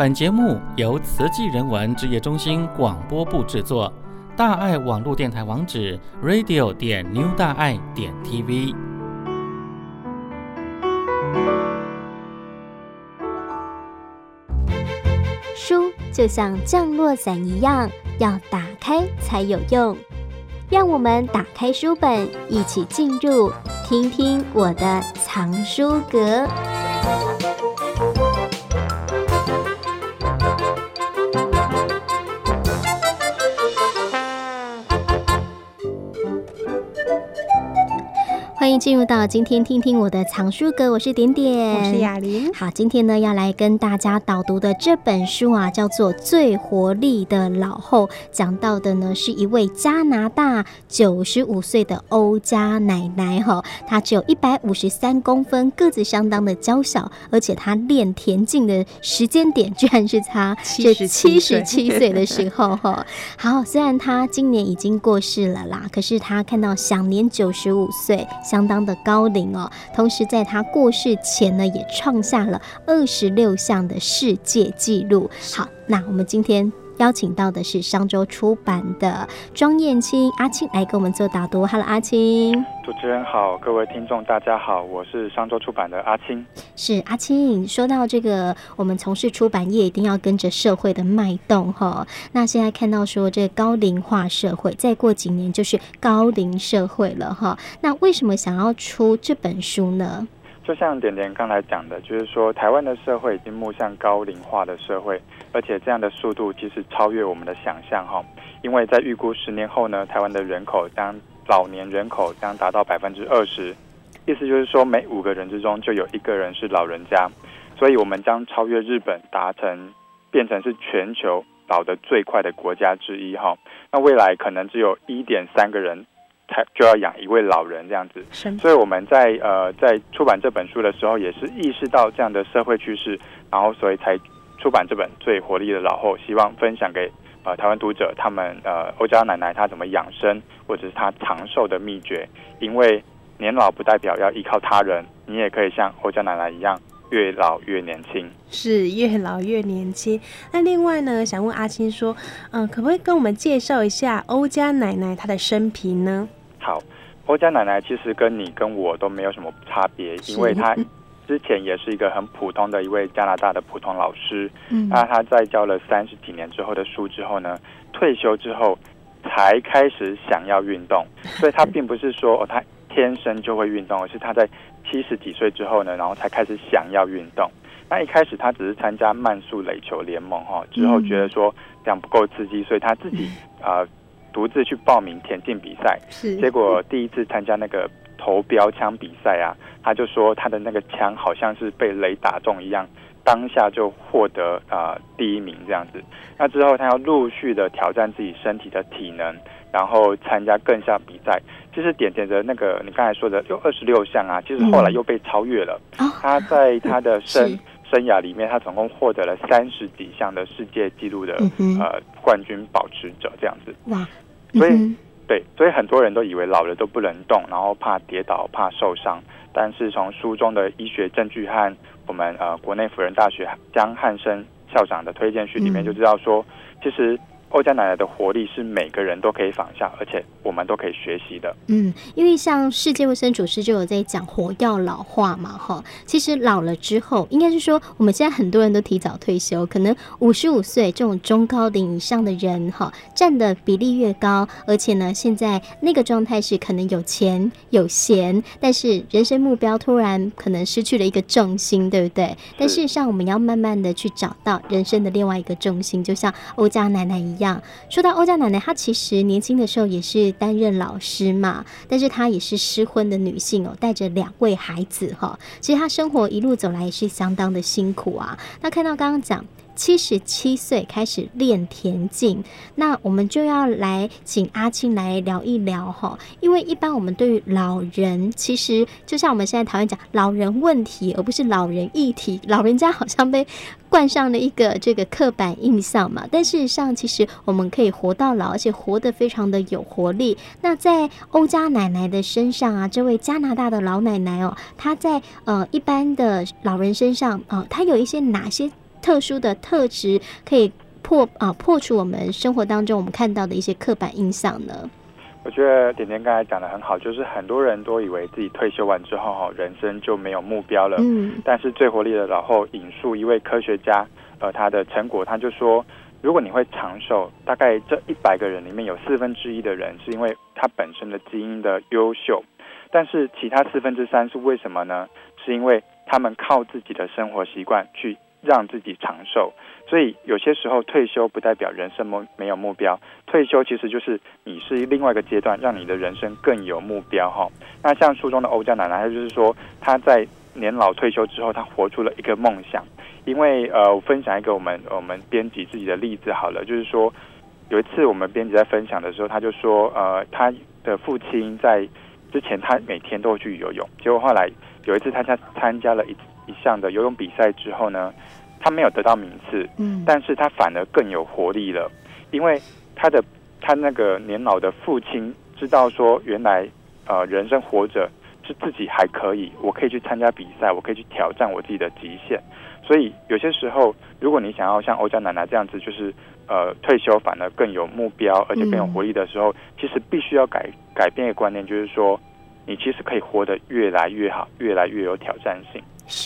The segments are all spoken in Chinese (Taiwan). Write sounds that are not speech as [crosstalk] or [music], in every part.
本節目由慈濟人文志業中心廣播部製作。大愛網絡電台網址：radio. 點 new 大愛點 tv。書就像降落傘一樣，要打開才有用。讓我們打開書本，一起進入，聽聽我的藏書閣。進入到今天，聽聽我的藏書閣，我是點點，我是雅玲。好，今天呢要來跟大家導讀的這本書啊，叫做《最活力的老後》，講到的呢是一位加拿大九十五歲的歐家奶奶。哈，她只有一百五十三公分，個子相當的嬌小，而且她練田徑的時間點居然是她七十七歲的時候。哈， [laughs] 好，雖然她今年已經過世了啦，可是她看到享年九十五歲，相當的高齡哦，同時在他過世前呢，也創下了二十六項的世界紀錄。好，那我們今天，邀請到的是商周出版的莊晏青阿青來跟我們做導讀。Hello，阿青，主持人好，各位聽眾大家好，我是商周出版的阿青。是阿青，說到這個，我們從事出版業一定要跟着社會的脈動哈。那現在看到說這高齡化社會，再過幾年就是高齡社會了哈。那為什麼想要出這本書呢？就像點點剛才講的，就是說台灣的社會已經邁向高齡化的社會，而且這樣的速度其實超越我們的想象哈。因為在預估十年後呢，台灣的人口將老年人口將達到百分之二十，意思就是說每五個人之中就有一個人是老人家，所以我們將超越日本，達成變成是全球老得最快的國家之一哈。那未來可能只有一點三個人。就要養一位老人這樣子，所以我們在呃在出版這本書的時候，也是意識到這樣的社會趨勢，然後所以才出版這本最活力的老後，希望分享給呃台灣讀者，他們呃歐家奶奶她怎麼養生，或者是她長壽的秘訣，因為年老不代表要依靠他人，你也可以像歐家奶奶一樣越老越年輕，是越老越年輕。那另外呢，想問阿青說，嗯、呃，可不可以跟我們介紹一下歐家奶奶她的生平呢？我家奶奶其實跟你跟我都沒有什麼差別，因為她之前也是一個很普通的一位加拿大的普通老師。那、嗯、她在教了三十幾年之後的書之後呢，退休之後才開始想要運動，所以她並不是說、哦、她天生就會運動，而是她在七十幾歲之後呢，然後才開始想要運動。那一開始她只是參加慢速壘球聯盟哈，之後覺得說這樣不夠刺激，所以她自己啊。嗯呃獨自去報名田徑比賽，是，是結果第一次參加那個投標槍比賽啊，他就說他的那個槍好像是被雷打中一樣，當下就獲得啊、呃、第一名這樣子。那之後他要陸續的挑戰自己身體的體能，然後參加更像比賽。其實點點的那個你剛才說的有二十六項啊，其、就、實、是、後來又被超越了。嗯、他在他的身。嗯生涯裡面，他總共獲得了三十幾項的世界紀錄的、嗯、呃冠軍保持者這樣子。哇！嗯、所以對，所以很多人都以為老了都不能動，然後怕跌倒、怕受傷。但是從書中的醫學證據和我們呃國內輔仁大學江漢聲校長的推薦序裡面就知道說，嗯、其實。歐家奶奶的活力是每個人都可以仿效，而且我們都可以學習的。嗯，因為像世界衛生組織就有在講“活躍老化”嘛，哈，其實老了之後，應該是說我們現在很多人都提早退休，可能五十五歲這種中高齡以上的人，哈，佔的比例越高，而且呢，現在那個狀態是可能有錢有閒，但是人生目標突然可能失去了一個重心，對不對？是。但事實上，我們要慢慢的去找到人生的另外一個重心，就像歐家奶奶一樣。樣。說到歐家奶奶，她其實年輕的時候也是擔任老師嘛，但是她也是失婚的女性哦，帶着兩位孩子哈，哦，其實她生活一路走來也是相當的辛苦啊。那看到剛剛講。七十七歲開始練田徑，那我們就要來請阿青來聊一聊哈。因為一般我們對於老人，其實就像我們現在台灣講“老人問題”，而不是“老人議題”。老人家好像被冠上了一個這個刻板印象嘛。但事實上，其實我們可以活到老，而且活得非常的有活力。那在歐家奶奶的身上啊，這位加拿大的老奶奶哦、啊，她在呃一般的老人身上啊、呃，她有一些哪些？特殊的特質可以破啊破除我們生活當中我們看到的一些刻板印象呢。我覺得點點剛才講得很好，就是很多人都以為自己退休完之後哈，人生就沒有目標了。嗯。但是最活力的老後引述一位科學家呃，他的成果，他就說，如果你會長壽，大概這一百個人裡面有四分之一的人是因為他本身的基因的優秀，但是其他四分之三是為什麼呢？是因為他們靠自己的生活習慣去。讓自己長壽，所以有些時候退休不代表人生沒沒有目標，退休其實就是你是另外一個階段，讓你的人生更有目標哈、哦。那像書中的歐家奶奶，她就是說她在年老退休之後，她活出了一個夢想。因為呃，我分享一個我們我們編輯自己的例子好了，就是說有一次我們編輯在分享的時候，他就說呃，他的父親在之前他每天都會去游泳，結果後來有一次他加參加了一。一項的游泳比賽之後呢，他沒有得到名次，嗯，但是他反而更有活力了，因為他的他那個年老的父親知道說，原來呃，人生活着是自己還可以，我可以去參加比賽，我可以去挑戰我自己的極限，所以有些時候，如果你想要像歐家奶奶這樣子，就是呃退休反而更有目標，而且更有活力的時候，嗯，其實必須要改改變一個觀念，就是說你其實可以活得越來越好，越來越有挑戰性。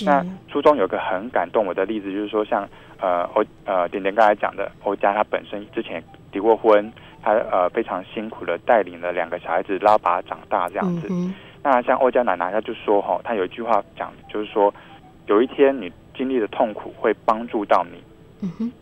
那書中有個很感動我的例子，就是說像呃歐呃點點剛才講的歐家，他本身之前離過婚，他呃非常辛苦的帶領了兩個小孩子拉拔長大這樣子，嗯。那像歐家奶奶，他就說哈，他有一句話講，就是說有一天你經歷的痛苦會幫助到你。嗯哼，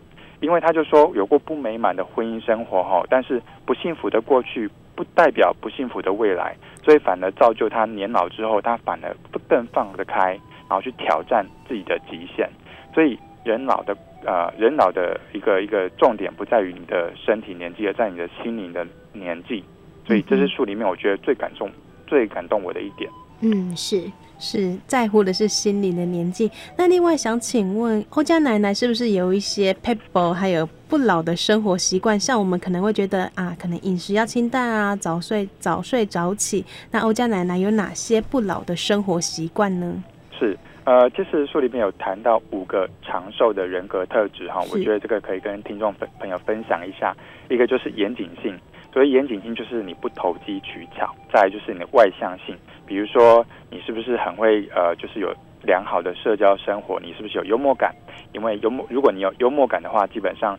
因為他就說有過不美滿的婚姻生活哈，但是不幸福的過去不代表不幸福的未來，所以反而造就他年老之後，他反而更放得開。然後去挑戰自己的極限，所以人老的呃，人老的一個一個重點不在於你的身體年紀，而在你的心靈的年紀。所以這些書裡面，我覺得最感動、最感動我的一點，嗯，是是在乎的是心靈的年紀。那另外想請問歐家奶奶，是不是有一些撇步還有不老的生活習慣？像我們可能會覺得啊，可能飲食要清淡啊，早睡早睡早起。那歐家奶奶有哪些不老的生活習慣呢？是，呃，其實書裡面有談到五個長壽的人格特質哈，我覺得這個可以跟聽眾朋友分享一下。一個就是嚴謹性，所謂嚴謹性就是你不投機取巧；再來就是你的外向性，比如說你是不是很會呃，就是有良好的社交生活，你是不是有幽默感？因為幽默，如果你有幽默感的話，基本上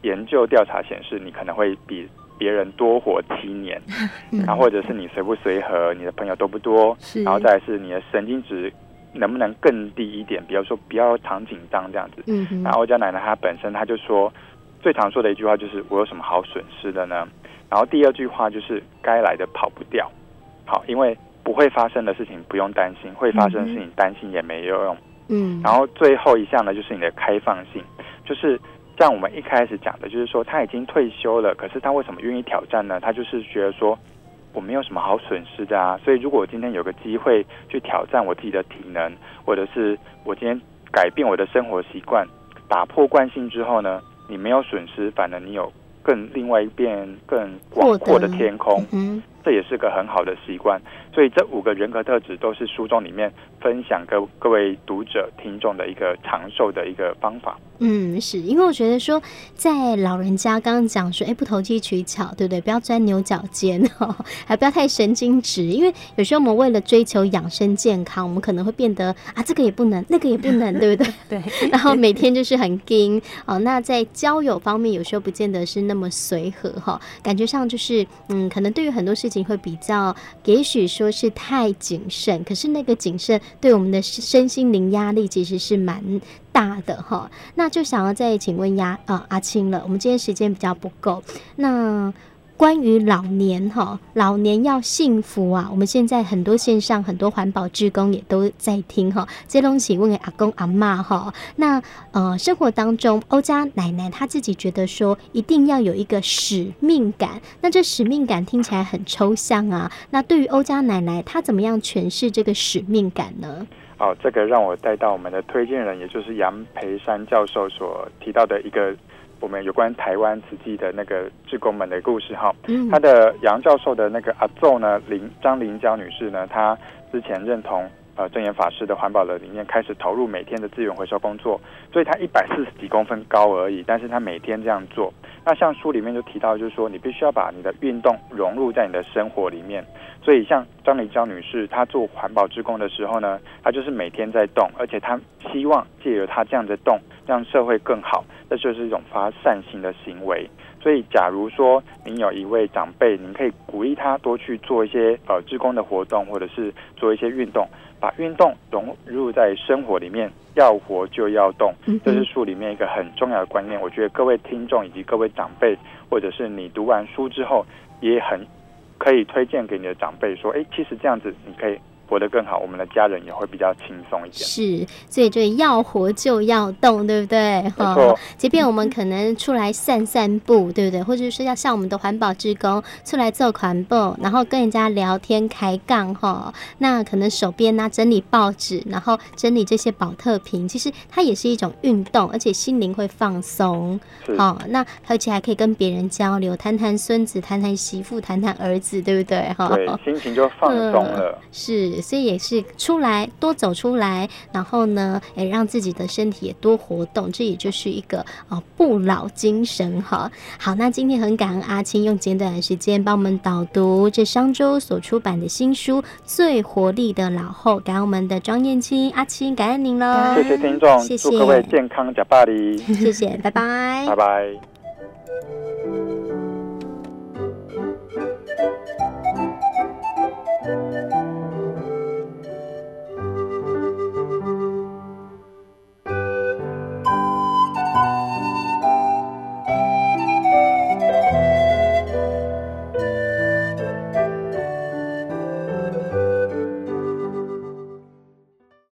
研究調查顯示你可能會比別人多活七年。 [laughs] 然後或者是你隨不隨和，你的朋友多不多是？然後再來是你的神經質。能不能更低一點？比如說，不要常緊張這樣子。嗯。然後我家奶奶她本身，她就說最常說的一句話就是“我有什麼好損失的呢？”然後第二句話就是“該來的跑不掉”。好，因為不會發生的事情不用擔心，嗯、會發生的事情擔心也沒有用。嗯。然後最後一項呢，就是你的開放性，就是像我們一開始講的，就是說他已經退休了，可是他為什麼願意挑戰呢？他就是覺得說，我沒有什麼好損失的啊，所以如果我今天有個機會去挑戰我自己的體能，或者是我今天改變我的生活習慣，打破慣性之後呢，你沒有損失，反而你有更另外一邊更廣闊的天空。嗯嗯嗯這也是個很好的習慣，所以這五個人格特質都是書中裡面分享給各位讀者聽眾的一個長壽的一個方法。嗯，是因為我覺得說，在老人家剛剛講說，哎，不投機取巧，對不對？不要鑽牛角尖，還不要太神經質。因為有時候我們為了追求養生健康，我們可能會變得啊，這個也不能，那個也不能， [laughs] 對不對？對。然後每天就是很緊哦。那在交友方面，有時候不見得是那麼隨和哈，感覺上就是嗯，可能對於很多事情。會比較，也許說是太謹慎，可是那個謹慎對我們的身心靈壓力其實是蠻大的哈。那就想要再請問阿啊阿青、啊、了，我們今天時間比較不夠，那。關於老年哈，老年要幸福啊！我們現在很多線上，很多環保志工也都在聽哈，這東西問給阿公阿嬤哈。那呃，生活當中，歐家奶奶她自己覺得說，一定要有一個使命感。那這使命感聽起來很抽象啊。那對於歐家奶奶，她怎麼樣詮釋這個使命感呢？哦，這個讓我帶到我們的推薦人，也就是楊培山教授所提到的一個。我們有關台灣慈濟的那個志工們的故事哈，哈、嗯，他的楊教授的那個阿奏呢，林張林嬌女士呢，她之前認同。呃，證嚴法師的環保的理念開始投入每天的資源回收工作，所以他一百四十幾公分高而已，但是他每天這樣做。那像書裡面就提到，就是說你必須要把你的運動融入在你的生活裡面。所以像張黎嬌女士，她做環保志工的時候呢，她就是每天在動，而且她希望借由她這樣的動，讓社會更好，這就是一種發善心的行為。所以，假如說您有一位長輩，您可以鼓勵他多去做一些呃志工的活動，或者是做一些運動。把運動融入在生活裡面，要活就要動，這是書裡面一個很重要的觀念。我覺得各位聽眾以及各位長輩，或者是你讀完書之後，也很可以推薦給你的長輩說：“誒，其實這樣子，你可以。”活得更好，我們的家人也會比較輕鬆一點。是，所以就要活就要動，對不對？沒錯。好，即便我們可能出來散散步，對不對？或者是要像我們的環保志工出來做環保，然後跟人家聊天開槓哈、哦。那可能手邊呢，整理報紙，然後整理這些保特瓶，其實它也是一種運動，而且心靈會放鬆。對。好、哦，那而且還可以跟別人交流，談談孫子，談談媳婦，談談兒子，對不對？哈。對、哦，心情就放鬆了。呃、是。所以也是出來多走出來，然後呢，哎，讓自己的身體也多活動，這也就是一個呃、哦、不老精神呵。好，那今天很感恩阿青用簡短的時間幫我們導讀這商週所出版的新書《最活力的老後》，感恩我們的莊晏青阿青，感恩您嘍。謝謝聽眾，謝謝各位健康呷百二。 [laughs] [laughs] 謝謝，拜拜，拜拜。